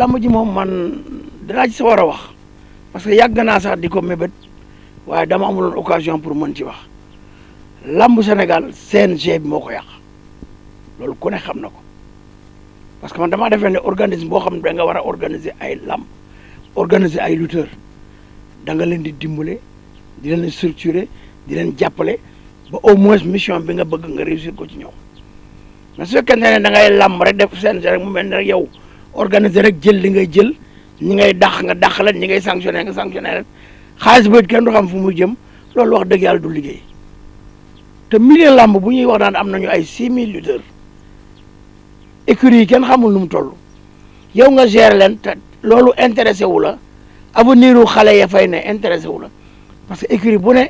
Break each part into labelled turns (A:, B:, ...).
A: lamb ji moom man dinaa ci war a wax parce que yàgg naa sax di ko mébét waaye dama amuloon occasion pour mën ci wax lamb Sénégal CNG bi moo ko yàq loolu ko ne xam na ko parce que man damaa defee ne organisme boo xam ne da nga war a organiser ay lamb organiser ay lutteur da nga leen di dimbale di leen structurer di leen jàppale ba au moins mission bi nga bëgg nga réussir ko ci ñëw mais su fekkee ne da ngay làmb rek def CNG rek mu mel ne rek yow. organiser rek jël li ngay jël ñi ngay dàq nga dàq la ñi ngay sanctionné nga sanctionné leen xaalis boobu kenn du xam fu muy jëm loolu wax dëgg du liggéey te milieu làmb bu ñuy wax naan am nañu ay six mille lutteurs écuries yi kenn xamul nu mu toll yow nga gérer leen loolu intéressé wu la avenir u xale ya fay ne intéressé wu la parce que écurie bu ne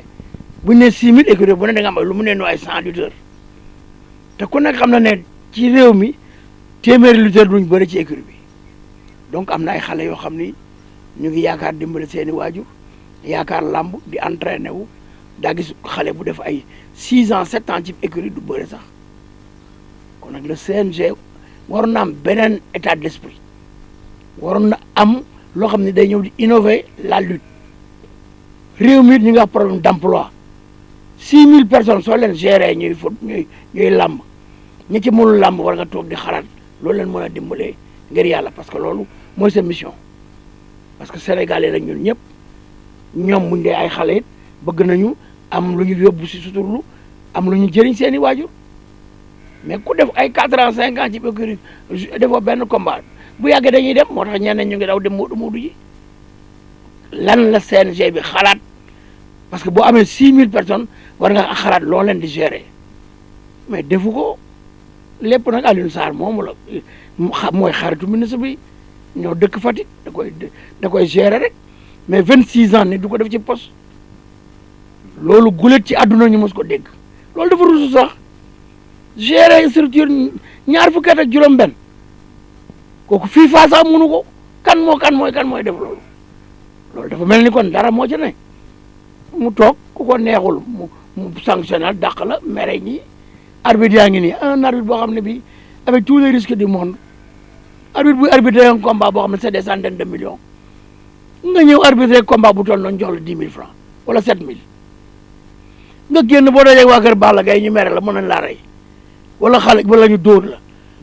A: bu ñu nee six mille écurie bu ne da nga am ay lu mu nee nu ay cent lutteurs te ku nekk xam na ne ci réew mi téeméeri lutteurs duñ bëri ci écurie bi. donc am na ay xale yoo xam ni ñu ngi yaakaar dimbale seeni waajur yaakaar làmb di entraîné wu daa gis xale bu def ay 6 ans 7 ans ci écurie du bëre sax kon nag le CNG na am beneen état d'esprit waroon na am loo xam ne day ñëw di innover la lutte réew mi ñu ngi wax problème d'emploi 6000 personnes soo leen gérer ñuy fot ñuy ñuy làmb ñi ci mënul làmb war nga toog di xalaat loolu leen mën a dimbalee ngir yàlla parce que loolu mooy seen mission parce que sénégalais lañ ñun ñëpp ñoom buñ dee ay xale bëgg nañu am lu ñu yóbbu si suturlu am lu ñu jëriñ seen i waajur mais ku def ay quatre ans cinq ans ci écurie defoo benn combat bu yàggee dañuy dem moo tax ñenn ñu ngi daw dem moodu moodu ji lan la CNG bi xalaat parce que boo amee six mille personnes war nga xalaat loo leen di gérer mais defu ko lépp nag Alioune Sarr moom la mooy xaritu ministre bi. ñoo dëkk fati da koy koy gérer rek mais vingt six ans ni du ko def ci poste loolu gulet ci àdduna ñu mos ko dégg loolu dafa rusu sax gérer structure ñaar fukki at juróom-benn kooku fii faa sax mënu ko kan moo kan mooy kan mooy def loolu loolu dafa mel ni kon dara moo ci ne mu toog ku ko neexul mu mu sanctionnel dàq la mere ñi arbitre yaa ngi ni un arbitre boo xam ne bi avec tous les risques du monde arbitre bu arbitré un combat boo xam ne c'est des centaines de millions nga ñëw arbitré combat bu toll noonu jox la dix mille francs wala sept mille nga génn boo dajee waa kër Balla Gaye ñu mere la mën nañ laa rey wala xale wala ñu door la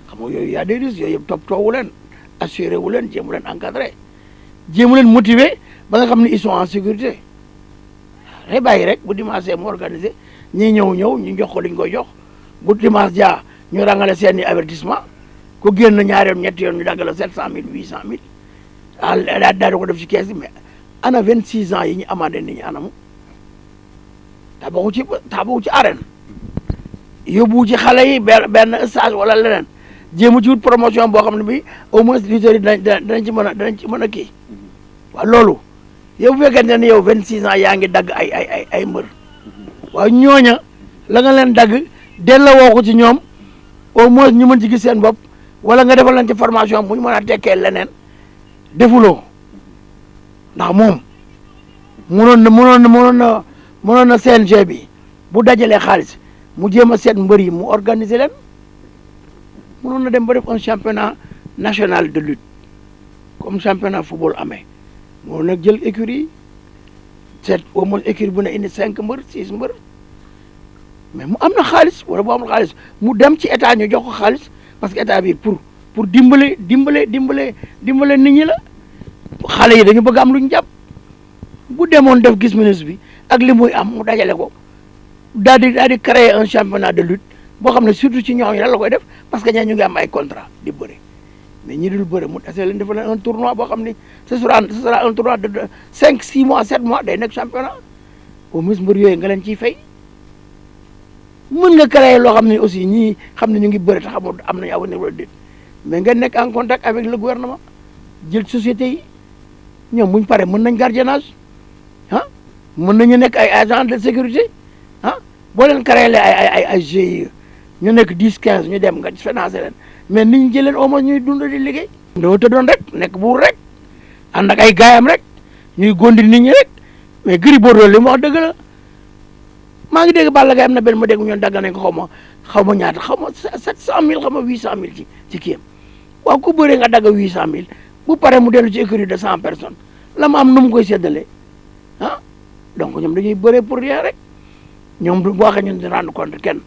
A: xam nga yooyu y a des risques yooyu yëpp toppatoo wu leen assuré wu leen jéemu leen encadré jéemu leen motivé ba nga xam ne ils en sécurité waaw bàyyi rek bu dimanche mu organisé ñi ñëw ñëw ñu jox ko li ñu koy jox bu dimanche ñu rangale seen i avertissement ko génn ñaari yoon ñetti yoon ñu daggal la sept cent mille huit cent mille ah daal ko def ci kees bi mais ana vingt six ans yi ñu amandé nit ñi anamu tabaxu ci tabaxu ci arène bu ci xale yi benn benn stage wala leneen jéem ci wut promotion boo xam ne bi au moins lutteurs yi dinañ dinañ ci mën a dinañ ci mën a kii waaw loolu yow bu fekkente ne yow vingt six ans yaa ngi dagg ay ay ay ay mbër waaw ñooña la nga leen dagg delloo woo ko ci ñoom au moins ñu mën ci gis seen bopp. wala nga defal leen ci formation bu ñu mën a tekkee leneen defuloo ndax moom mënoon na mënoon na mënoon na mënoon na CNG bi bu dajalee xaalis mu jéem a seet mbër yi mu organiser leen mënoon na dem ba def un championnat national de lutte comme championnat football amee mënoon na jël écurie yi seet au moins écurie bu ne indi cinq mbër six mbër mais mu am na xaalis wala bu amul xaalis mu dem ci état ñu jox ko xaalis. parce que état bi pour pour dimbale dimbale dimbale dimbale nit ñi la xale yi dañu bëgg am lu ñu jàpp bu demoon def gis ministre bi ak li am mu dajale ko daal di daal di créer un championnat de lutte boo xam ne surtout ci ñooñu lan la koy def parce que ñaa ñu ngi am ay contrat di bëri mais ñi dul bëri mu dese leen defal un tournoi boo xam ne ce sera ce sera un tournoi de cinq six mois sept mois day nekk championnat au moins mbër yooyu nga leen ciy fay. mën nga créer loo xam ne aussi ñii xam ne ñu ngi bëri te am nañu avenir wala mais nga nekk en contact avec le gouvernement jël société yi ñoom buñ pare mën nañ gardiennage ah mën nañu nekk ay agent de sécurité ah boo leen créé ay ay ay ay GIE ñu nekk dix quinze ñu dem nga financé leen mais ni ñu jëleen au moins ñuy dund di liggéey. doo tëddoon rek nekk buur rek ànd ak ay gaayam rek ñuy gondi nit ñi rek mais gri Bordeaux li mu wax dëgg la. maa ngi dégg Balla Gaye am na benn ma dégg ñoon dagg nañ ko xaw ma xaw ma ñaata xaw ma sept cent mille xaw ma huit cent mille ci ci kiyam waaw ku bëree nga dagg huit cent mille bu pare mu dellu ci écurie de cent personnes la ma am nu mu koy séddalee ah donc ñoom dañuy bëree pour rien rek ñoom bu waxee ñun di rendre compte kenn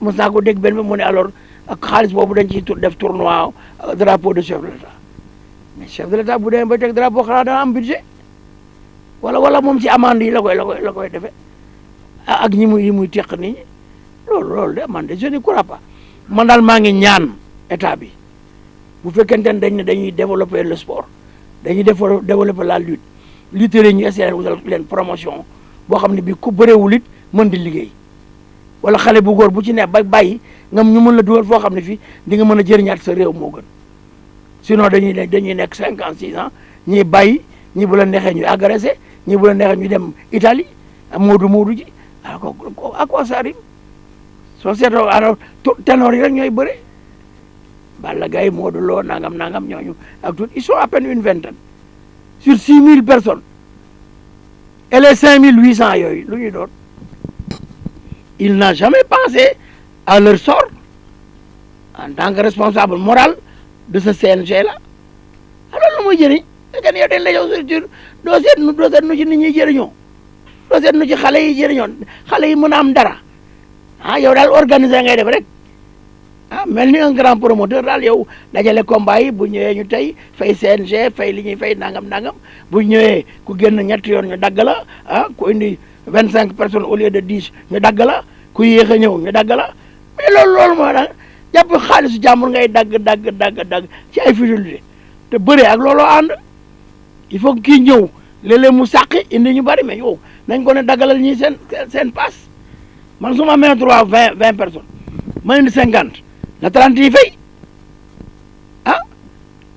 A: mos naa ko dégg benn bi mu ne alors ak xaalis boobu dañ ciy def tournoi euh, drapeau de chef de l'état mais chef de l'état bu demee ba teg drapeau xanaa dana am budget wala wala moom ci amende yi la koy la la koy defee ak ñi mu ñi muy teq nii loolu loolu de man de je ne crois pas man daal maa ngi ñaan état bi bu fekkente ne dañ ne dañuy développer le sport dañuy développer la lutte lutteurs yi ñu essayé wutal leen promotion boo xam ne bii ku bëreewul it mën di liggéey wala xale bu góor bu ci ne ba bàyyi ngam ñu mën la dugal foo xam ne fii di nga mën a jëriñaat sa réew moo gën sinon dañuy ne dañuy nekk cinq ans six ans ñi bay ñi bu la neexee ñu agressé ñi bu la neexee ñu dem itali moodu moodu ji alors à quoi soo seetoo alors ténor yi ñooy ñooy bëre Balla Gaye Modou Lo nangam nangam ñooñu ak tout ils sont à peine une vingtaine sur six mille personnes et les cinq mille huit cent yooyu lu ñuy doon il n'a jamais pensé à leur sort en tant que responsable moral de ce CNG là alors lu muy jëriñ fekkee ne yow dañ la jox structure doo nu ñuy jëriñoo projet nu ci xale yi jëriñoon xale yi mën a am dara ah yow daal organiser ngay def rek ah mel ni un grand promoteur daal yow dajale combat yi bu ñëwee ñu tey fay CNG fay li ñuy fay nangam nangam bu ñëwee ku génn ñetti yoon ñu dagg la ah ku indi vingt cinq personnes au lieu de dix ñu dagg la ku yéex a ñëw ñu dagg la mais loolu loolu moo tax jàpp xaalisu jàmbur ngay dagg dagg dagg dagg ci ay fidélité te bëree ak looloo ànd il faut kii ñëw. léeg mu sàqi indi ñu bari mais yow nañ ko ne dagalal ñii seen seen paas man su ma amee trois vingt vingt personnes ma indi cinquante na trente yi fay ah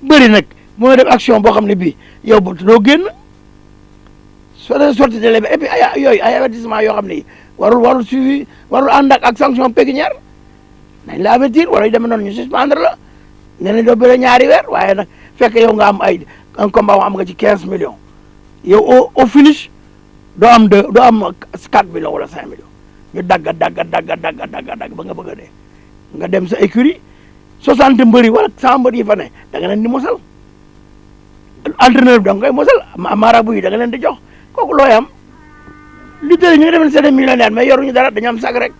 A: bëri nag mooy def action boo xam ne bii yow bu doo génn soo dee sorti de et puis ay yooyu ay avertissement yoo xam ne warul warul suivi warul ànd ak ak sanction pécuniaire nañ la avertir wala yu demee noonu ñu suspendre la ne nañ doo bëre ñaari weer waaye nag fekk yow nga am ay un combat am nga ci quinze millions yow o au finish doo am de doo am quatre millions wala cinq millions ñu dagga dagga dagga dagga dagga dagg ba nga bëgg a dee nga dem sa écurie soixante mbëri wala cent mbëri yi fa ne da leen di mosal entraîneur bi da nga koy mosal marabu yi da nga leen di jox kooku looy am lutteurs yi ñu ngi defoon seen i millionnaire mais yoruñu dara dañu am sag rek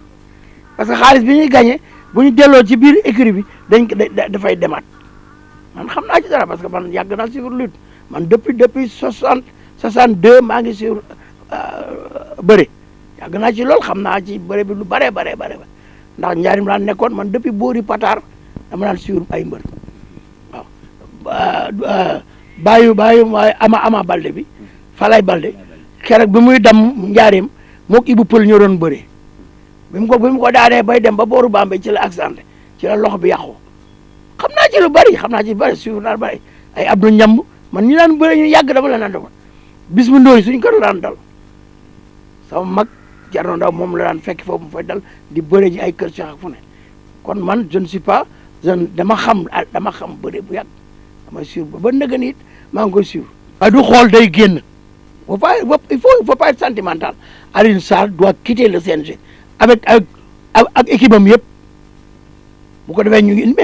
A: parce que xaalis bi ñu gagné bu ñu delloo ci biir écurie bi da dafay demaat man xam naa ci dara parce que man yàgg naa suivre lutte man depuis depuis soixante 62 maa ngi sur euh, bëre yàgg naa ci lool xam naa ci bëre bi lu bare bare bare ndax njaarim laan nekkoon man depuis boori Patar dama naan sur ay mbër waaw bàyyu euh, bàyyu waaye ama ama balde bi falay balde keroog bi muy dam njaarim mook Ibou Pël ñoo doon bëre bi mu ko ko daanee bay dem ba booru Bambey ci la accidenté ci loxo bi yàqu xam naa ci lu bari xam naa ci lu bari suivre naa bari ay Abdou Ñamb man ñu daan bëre ñu yàgg dama la naan demoon bis bu ndóoy suñ kër la daan sama mag Thierno Ndaw moom la daan fekk foofu mu fay di bëre ji ay kër Cheikh ak fu kon man je ne suis pas je dama xam dama xam bëre bu yàgg dama suivre ba ba nëgën it maa ngi koy suivre. waaye du xool day génn faut pas il faut il faut pas être sentimental Alioune Sarr doit quitter le CNG avec ak ak équipe am yëpp bu ko defee ñu ngi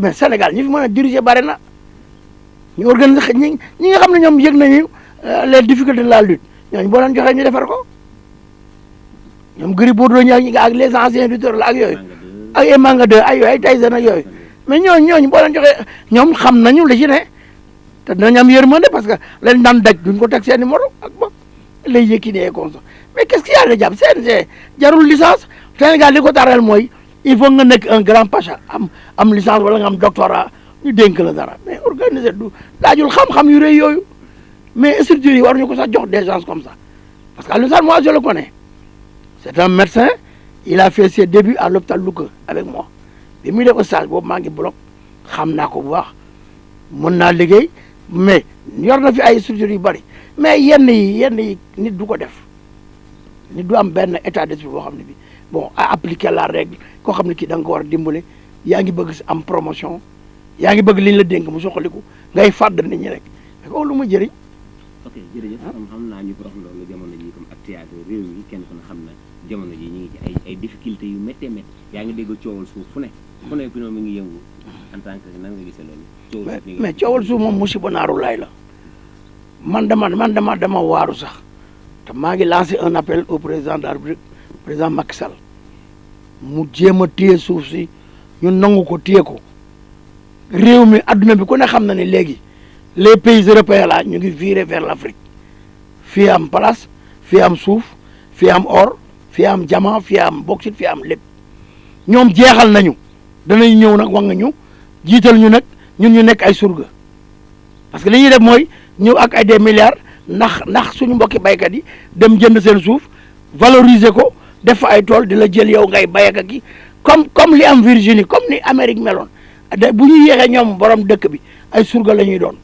A: mais Sénégal ñi fi mën a diriger bare na ñu organiser ñi ñi nga xam ne ñoom yëg nañu. Euh, les difficultés de la lutte ñooñu boo leen joxee ñu defar ko ñoom Gris Bordeaux ñooñu ak les anciens lutteurs la ak yooyu ak ay Manga 2 ay yooyu ay Tyson yooyu mais ñooñu ñooñu boo leen ñoom xam nañu li ci ne te dinañ am yërmande parce que leen daan daj duñ ko teg seen i morom ak bopp lay yëkki ne comme ça mais qu'est-ce qu'il y a de jàpp CNG jarul licence Sénégal li ko taral mooy il faut nga nekk un grand pacha am am licence wala nga am doctorat ñu dénk la dara mais organiser du daajul xam-xam yooyu. mais structures yi war ñu ko sa jox des gens comme ça parce que Alioune Sarr moi je le connais c'est un médecin il a fait ses débuts à l'hôpital Louga avec moi bi muy def stage boobu maa ngi bloc xam naa ko bu baax mën naa liggéey mais yor na fi ay structures yu bari mais yenn yi yenn yi nit du ko def ni du am benn état d'esprit boo xam ne bi bon a appliquer la règle koo xam ne kii da nga ko war a dimbale yaa ngi bëgg am promotion yaa ngi bëgg li la dénk mu soxaliku ngay fàdd nit ñi rek mais lu muy jëriñ jërëjëf ah. xam xam naa ñu ko jamono ji comme ak théâtre réew mi kenn ku ne xam na jamono ji ñu ngi ci ay ay yu méttee me yaa ngi dégg coowal suuf fu ne fu ne ku ne mi ngi yëngu en tant que nan nga gisee loolu mais coowal suuf moom musiba naaru laay la man dama man dama dama waaru sax te maa ngi lancé un appel au président de la République président Macky Sall mu jéem a téye suuf si ñu nangu ko téye ko réew mi adduna bi ku ne xam na ne léegi les pays européens là ñu ngi viré vers l'Afrique fii am place fii am suuf fii am or fii am diamant fii am bauxite fii am lépp ñoom jeexal nañu danañ ñëw nag wax nga ñu jiital ñu nag ñun ñu nekk ay surga parce que li ñuy def mooy ñëw ak ay des milliards ndax ndax suñu mbokki baykat yi dem jënd seen suuf valoriser ko def fa ay tool di la jël yow ngay bay ak ki comme comme li am Virginie comme ni Amérique meloon bu ñu yéexee ñoom borom dëkk bi ay surga la ñuy doon.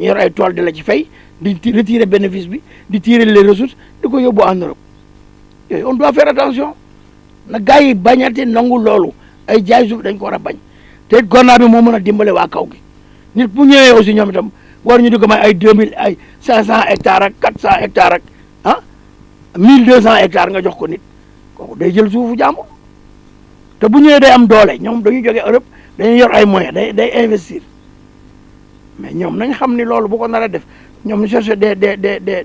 A: ñu yor ay tool di la ci fay di tiire bénéfice bi di tiire les ressources di ko yóbbu en Europe yooyu on doit faire attention na gars yi bañate nangu loolu ay jaay suuf dañ ko war a bañ te it gouvernement bi moo mën a dimbale waa kaw gi nit bu ñëwee aussi ñoom itam war ñu di ko may ay deux mille ay cinq cent hectares ak quatre cent hectares ak ah mille deux cent hectares nga jox ko nit kooku day jël suufu jàmbur te bu ñëwee day am doole ñoom dañuy jógee Europe dañuy yor ay moyens day day investir mais ñoom nañ xam ni loolu bu ko nar a def ñoom ñu cherché des des de des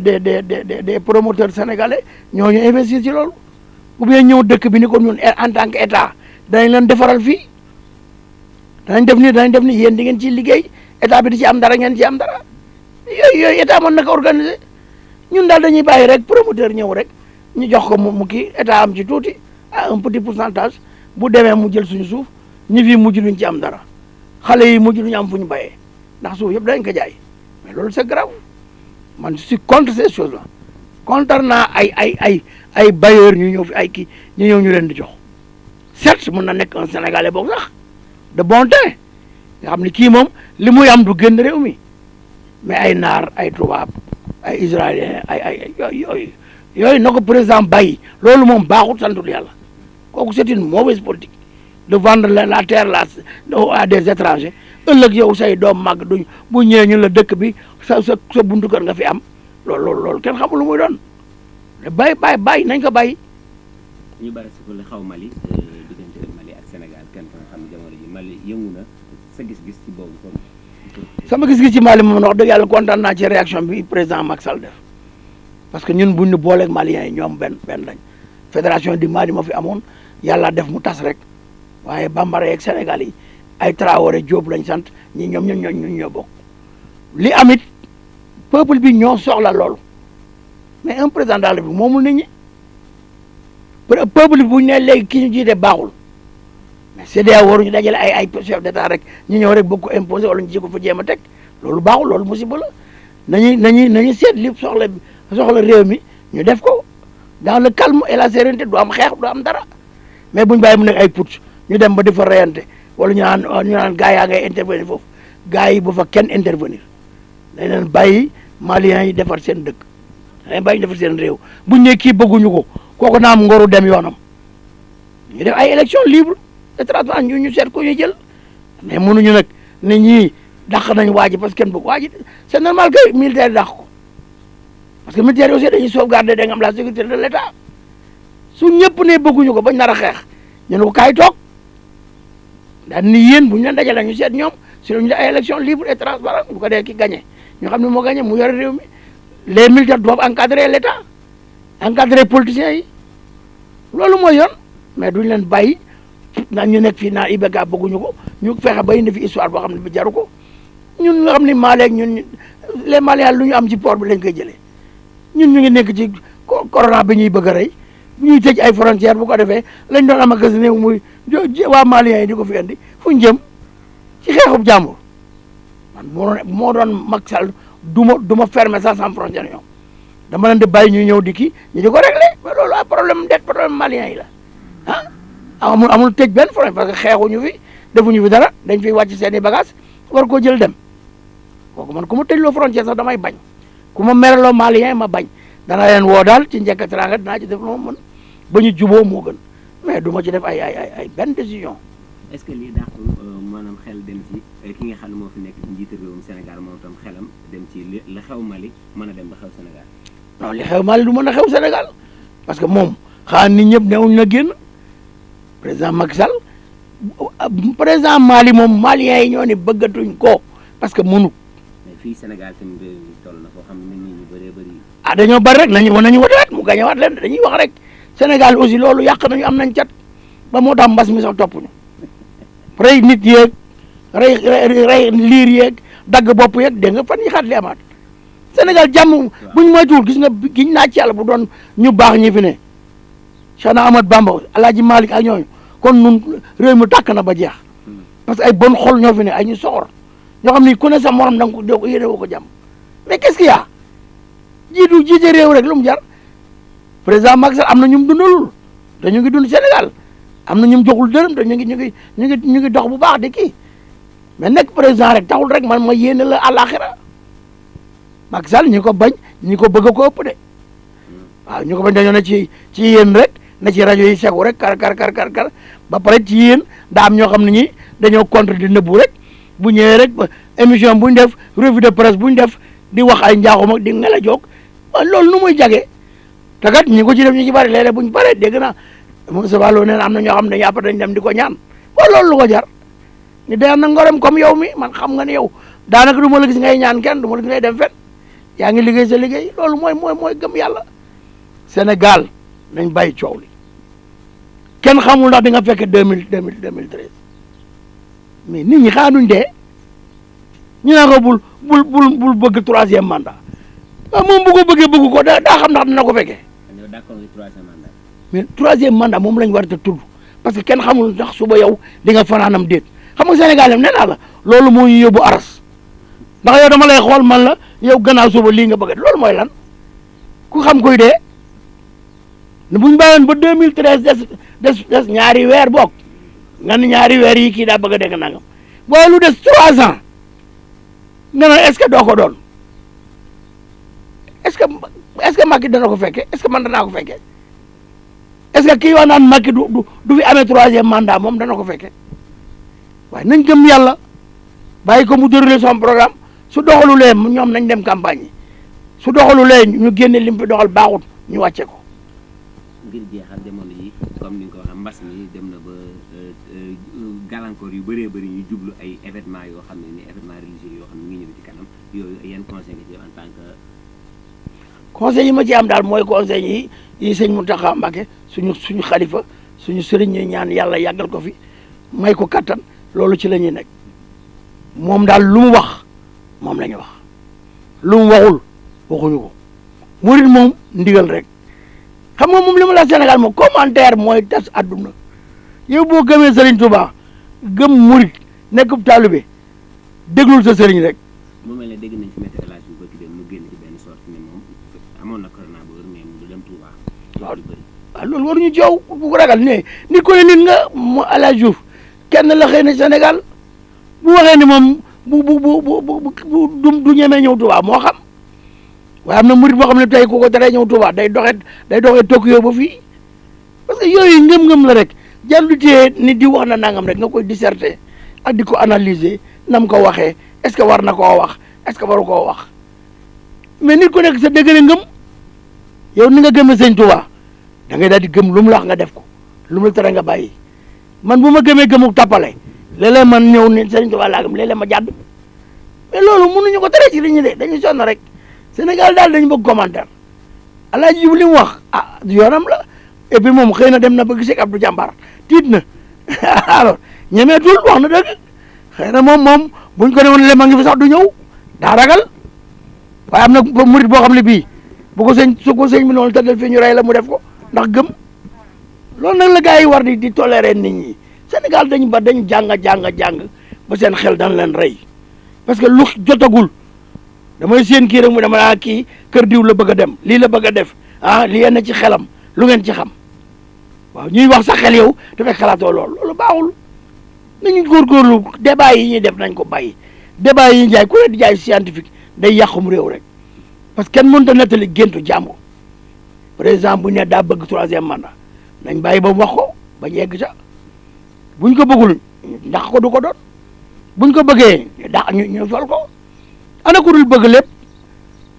A: des des des des promoteurs sénégalais ñoo ñu investir ci loolu ou bien ñëw dëkk bi ni ko ñun en tant que état danañ leen defaral fii danañ def ni danañ def ni yéen di ngeen ci liggéey état bi di ci am dara ngeen ci am dara yooyu yooyu état mën na ko organiser ñun daal dañuy bàyyi rek promoteur ñëw rek ñu jox ko mu kii état am ci tuuti à un petit pourcentage bu demee mu jël suñu suuf ñi fii mujj duñ ci am dara. xale yi mujj duñu am fu ñu bayee ndax suuf yëpp dañ ko jaay mais loolu c'est grave man si suis contre ces choses là contre naa ay ay ay ay bailleurs ñu ñëw fi ay kii ñu ñëw ñu leen di jox certes mën na nekk un sénégalais boog sax de bon teint nga xam ne kii moom li muy am du génn réew mi mais ay naar ay tubaab ay israélien ay ay yooyu yooyu na ko président bàyyi loolu moom baaxut santul yàlla kooku c'est une mauvaise politique de vendre la terre là à des étrangers ëllëg yow say doom màgg duñ bu ñëwee ñu la dëkk bi sa sa sa buntu nga fi am lool loolu loolu kenn xamul lu muy doon bay bay bàyyi nañ ko bay ñu bari xaw Mali euh, diggante Mali kenn Mali yëngu na sa gis-gis ci boobu sama gis-gis ci Mali moom wax dëgg yàlla kontaan naa ci réaction bi président Macky Sall def parce que ñun buñ ñu booleek Maliens yi ñoom benn benn lañ fédération du Mali ma fi amoon yàlla def mu tas rek. waaye bambara yeeg Sénégal yi ay Traoré Diop lañ sant ñi ñoom ñun ñoo ñun ñoo bokk li amit peuple bi ñoo soxla loolu mais un président de la République moomul nit ñi peuple bi bu ñu nee léegi ki ñu jiite baaxul mais CEDEAO waruñu dajale ay ay chef d'état rek ñu ñëw rek bëgg ko imposer wala ñu ji ko fa jéem a teg loolu baaxul loolu musiba la nañuy nañuy nañuy seet li soxla soxla réew mi ñu def ko dans le calme et la sérénité du am xeex du am dara mais buñ bàyyi mu nekk ay putsch ñu dem ba di fa reyante wala ñu naan ñu naan gars yaa ngay intervenir foofu gars yi bu fa kenn intervenir dañ leen bàyyi maliens yi defar seen dëkk dañ bay bàyyi defar seen réew buñ ne kii bëgguñu ko kooku naam ngoru dem yoonam ñu def ay élection libre et transparent ñu ñu seet ko ñu jël mais mënuñu nag ne ñii dàq nañ waa ji parce que kenn bëgg waa ji c'est normal que militaire dàq ko parce que militaire aussi dañuy sauvegarder da nga am la sécurité de l' état su ñëpp ne bëgguñu ko bañ nar a xeex ñu ne ko kaay daal ni yéen bu ñu leen dajalee ñu seet ñoom si la ñu ay élection libre et transparente bu ko dee ki gagné ñu xam ne moo gagné mu yore réew mi les militaires doivent encadrer l' état encadrer politiciens yi loolu mooy yoon mais duñ leen bàyyi naan ñu nekk fii naan IBK bëgguñu ko ñu fexe ba indi fi histoire boo xam ne bi jaru ko ñun ñu xam ne Mali ñun les Maliens lu ñu am ci port bu lañ koy jëlee ñun ñu ngi nekk ci corona bi ñuy bëgg a ñu ñuy tëj ay frontières bu ko defee lañ doon am ak néew muy. waa Maliens yi di ko fi andi fu ñu jëm ci xeexub jàmbur man moo doon moo doon Macky Sall du ma du ma fermer sax dama leen di bàyyi ñu ñëw di kii ñu di ko réglé ba loolu ah problème problème Maliens yi la ah amul amul tëj benn problème parce que xeexuñu fi defuñu fi dara dañ fiy wàcc seen i bagage war koo jël dem kooku man ku ma tëjloo frontière sax damay bañ ku ma mereloo Malien ma bañ dana yen woo daal ci njëkk a teraanga dinaa ci def lu ma ba ñu juboo moo gën mais du ma ci def ay ay ay ay benn décision. est-ce que lii dàqul euh, maanaam xel dem ci euh, ki nga xam ne moo fi nekk ci njiitu moom tam xelam dem ci li xew Mali mën a dem ba xew Sénégal. non li xew Mali du mën a xew Sénégal parce que moom xanaa nit ñëpp newuñ na génn président Macky Sall président Mali moom Maliens yi ñoo ne bëggatuñ ko parce que mënu. mais fii Sénégal tamit réew toll na foo xam ne nit ñi ñu bëree bëri. ah rek nañu nañu rek. Sénégal aussi loolu yàq nañu am nañ cat ba moo tax mbas mi sax topp ñu rey nit yeeg rey liir yeeg dagg bopp yeeg dégg nga fan yi xaat li amaat Sénégal jàmm buñ moytuwul gis nga giñ naa ci yàlla bu doon ñu baax ñi fi ne Cheikhna Ahmad Bamba Alaaji Malick ak ñooñu kon nun réew mi tàkk na ba jeex hmm. parce que ay bon xol ñoo fi ne ay ñu soxor ñoo xam ni ku ne sa morom da nga ko yéene woo ko jàmm mais qu'est-ce qu'il y a réew rek lu mu jar président Macky Sall am na ñum mu dundalul te ñu ngi dund Sénégal am na ñu mu joxul dërëm te ñu ngi ñu ngi ñu ngi ñu ngi dox bu baax di kii mais nekk président rek taxul rek man ma yéene la àllaaxira Macky Sall ñi ko bañ ñi ko bëgg ko ëpp de waaw ñu ko bañ dañoo ne ci ci yéen rek na ci rajo yi segu rek kar kar kar ba pare ci yéen daa am ñoo xam ne ñi dañoo contre di nëbbu rek bu ñëwee rek émission bu def revue de presse bu ñu def di wax ay njaaxum ak di ngelajoog loolu nu muy jagee te kat ñi ko ci def ñu ci bari léeg bu ñu paree dégg na Moussa Ballo nee na am na ñoo xam ne yàpp dañ dem di ko ñaan ba loolu lu ko jar ni day na ngorem comme yow mi man xam nga ne yow daanaka du ma la gis ngay ñaan kenn du ma dem fen yaa ngi liggéey sa liggéey loolu mooy mooy mooy gëm yàlla Sénégal nañ bàyyi coow li kenn xamul ndax di nga fekk deux mille deux mil deux mille treize mais nit ñi xaanuñ dee ñu ne ko bul bul bul bul bëgg troisième mandat ah, moom bu ko bëggee bëgg ko daa xam ndax dina ko fekkee d'accord troisième mandat. mais troisième mandat moom lañ war a tudd parce que kenn xamul ndax suba yow di nga fanaanam déet xam nga Sénégal yam nee naa la loolu moo ñu yóbbu aras ndax yow dama lay xool man la yow gannaaw suba lii nga bëgg loolu mooy lan ku xam koy dee ne bu ñu bàyyoon ba 2013 des des ñaari weer boog nga ñaari weer yi kii daa bëgg a dégg nangam waaye lu des trois ans nga ne est-ce que doon est-ce que. est-ce que Macky dana ko fekke est-ce que ko fekke est-ce que kii wax naan Macky du du du fi amee troisième mandat moom dana ko fekke waaye nañ gëm yàlla bàyyi ko mu déroulé son programme su doxalu mu ñoom nañ dem campagne yi su doxalulee ñu génne lim fi doxal baaxut ñu wàcce ko. ngir jeexal jamono yi comme ni nga ko waxee mbas mi dem na ba euh, euh, gàllankoor yu bëree bëri ñu jublu ay événement yoo xam ne ni événement religieux yoo xam ne ñu ngi ñëw ci yooyu yan conseil nga ci en tant que. conseil yi ma ci am daal mooy conseil yi yi sëñ Mountakha Mbacké suñu suñu xalifa suñu sëriñ ñuy ñaan yàlla yàggal ko fi may ko kattan loolu ci la ñuy nekk moom daal lu mu wax moom la ñu wax lu mu waxul ko murit moom ndigal rek xam nga moom li ma la Sénégal moom commentaire mooy tas adduna yow boo gëmee sëriñ Touba gëm murit nekkub taalibe déglul sa sëriñ rek. mu mel ne dégg waaw loolu waruñu joow bu ko ragal ne nit ko ne nit nga mu à la kenn la xëy na Sénégal bu waxee ni moom bu bu bu bu du du ñemee ñëw Touba moo xam waaye am na murit moo xam ne tey ko daree ñëw Touba day doxee day doxee Tokyo ba fii parce que yooyu ngëm-ngëm la rek jàllu téye nit di wax na nangam rek nga koy disserter ak di ko analyser nam ko waxee est-ce que war na koo wax est-ce que waru koo wax mais nit ko nekk sa dëgg ngëm yow ni nga gëmee sëñ Touba da ngay di gëm lu mu la wax nga def ko lu mu la tere nga bàyyi man bu ma gëmee gëm tappale léeg-léeg man ñëw ne Serigne Touba laa gëm léeg-léeg ma jàdd mais loolu mënuñu ko tere ci li ñu de dañuy sonn rek Sénégal daal dañu bëgg commentaire Alaaji Jibu li mu wax ah yoonam la et moom xëy na dem na ba Cheikh Abdou Jàmbaar tiit na alors ñemeetul wax na dëgg xëy na moom moom buñ ko ne woon lema ngi fi sax du ñëw daa ragal waaye am na murit boo xam ne bii bu ko sëñ su ko sëñ bi noonu tëddal fii ñu rey la mu def ko ndax gëm loolu nag la gars yi war di di tolérer nit ñi Sénégal dañ ba dañ jàng jàng jàng ba seen xel dañ leen rey parce que lu jotagul damay seen kii rek mu dama naa ah, kii kër diw la bëgg a dem lii la bëgg a def ah li yenn ci xelam lu ngeen ci xam waaw ñuy wax sa xel yow dafay xalaatoo loolu loolu baaxul nañu góorgóorlu débat yi ñuy def nañ ko bàyyi débat yi jaay ku ne di jaay scientifique day yàqum réew rek parce que kenn mënut a nettali géntu jàmbur président bu ñu daa bëgg troisième mandat nañ bàyyi ba mu wax ko ba yegg ca buñ ko bëggul ndax ko du ko doon buñ ko bëggee ndax ñu ñu sol ko ana ku bëgg lépp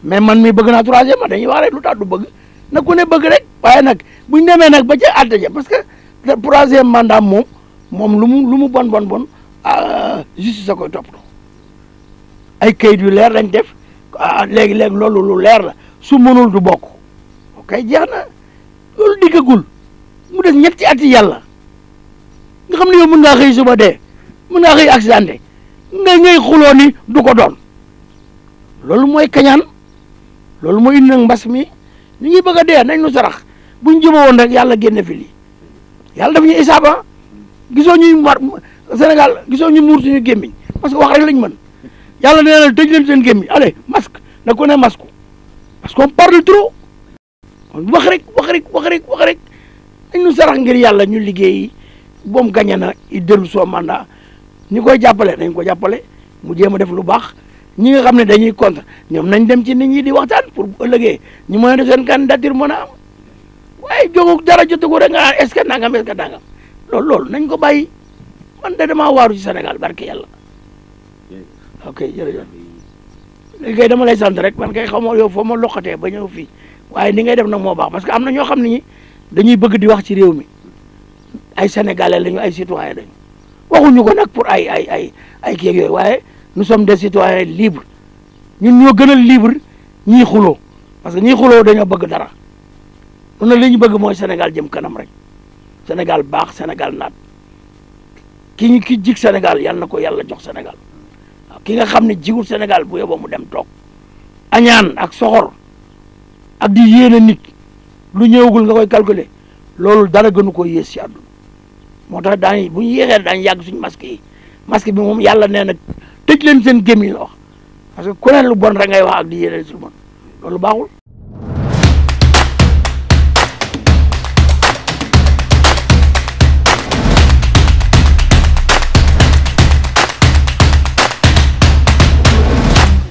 A: mais man mi bëgg naa troisième mandat dañuy wax lu tax du bëgg na ku ne bëgg rek waaye nag buñ demee nag ba ca àtte parce que troisième mandat moom moom lu mu lu mu bon bon bon ah, justice a koy toppatoo ay kayit yu leer lañ def ah, léegi léegi loolu lu leer la su mënul du bokk kay jeex na loolu diggagul mu des ñetti at yi yàlla nga xam ne yow mën ngaa xëy suba dee mën ngaa xëy accidenté nga ngay xuloo ni du ko doon loolu mooy kañaan loolu mooy indi nag mbas mi ñu ngi bëgg a dee nañ nu sarax buñ jëma woon rek yàlla génne fi lii yàlla daf ñu isaaba ah. gisoo ñu mar Sénégal gisoo ñu muur suñu gémmiñ parce que wax rek lañ mën yàlla nee na leen seen gémmiñ allez masque na ko ne masque parce parle trop wax rek wax rek wax rek wax rek dañ ñu sarax ngir yàlla ñu liggéey boom gañe na i dellu soo mandat ñi koy jàppale dañ ko jàppale mu jéem a def lu baax ñi nga xam ne dañuy contre ñoom nañ dem ci nit ñi di waxtaan pour bu ëllëgee ñu mën a def seen candidature mën a am waaye jógu dara jotagu rek nga est ce que nangam est ce loolu loolu nañ ko bàyyi man de damaa waaru ci barke yàlla ok jërëjëf léegi dama lay sant rek man kay xaw ma yow foo ma loqatee ba ñëw fii waaye ni ngay def nag moo baax parce que am na ñoo xam ne ñi dañuy bëgg di wax ci réew mi ay sénégalais lañu ay citoyens lañu waxuñu ko nag pour ay ay ay ay kii waaye nous som des citoyens libres ñun ñoo gënal libre ñii xuloo parce que ñii xuloo dañoo bëgg dara mun na li ñu bëgg mooy senegal jëm kanam rek Sénégal baax senegal naat ki ñu ki jig Sénégal yàlla na ko yàlla jox Sénégal ki nga xam ne jigul senegal bu yóbboo mu dem toog añaan ak soxor ak di yéene nit lu ñëwagul nga koy calculer loolu dara gënu ko yées ci àdduna moo tax daan bu ñu yéexee daañu yàgg suñu masque yi masque bi moom yàlla nee na tëj leen seen gémmiñ la wax parce que ku lu bon rek ngay wax ak di yéene su bon loolu baaxul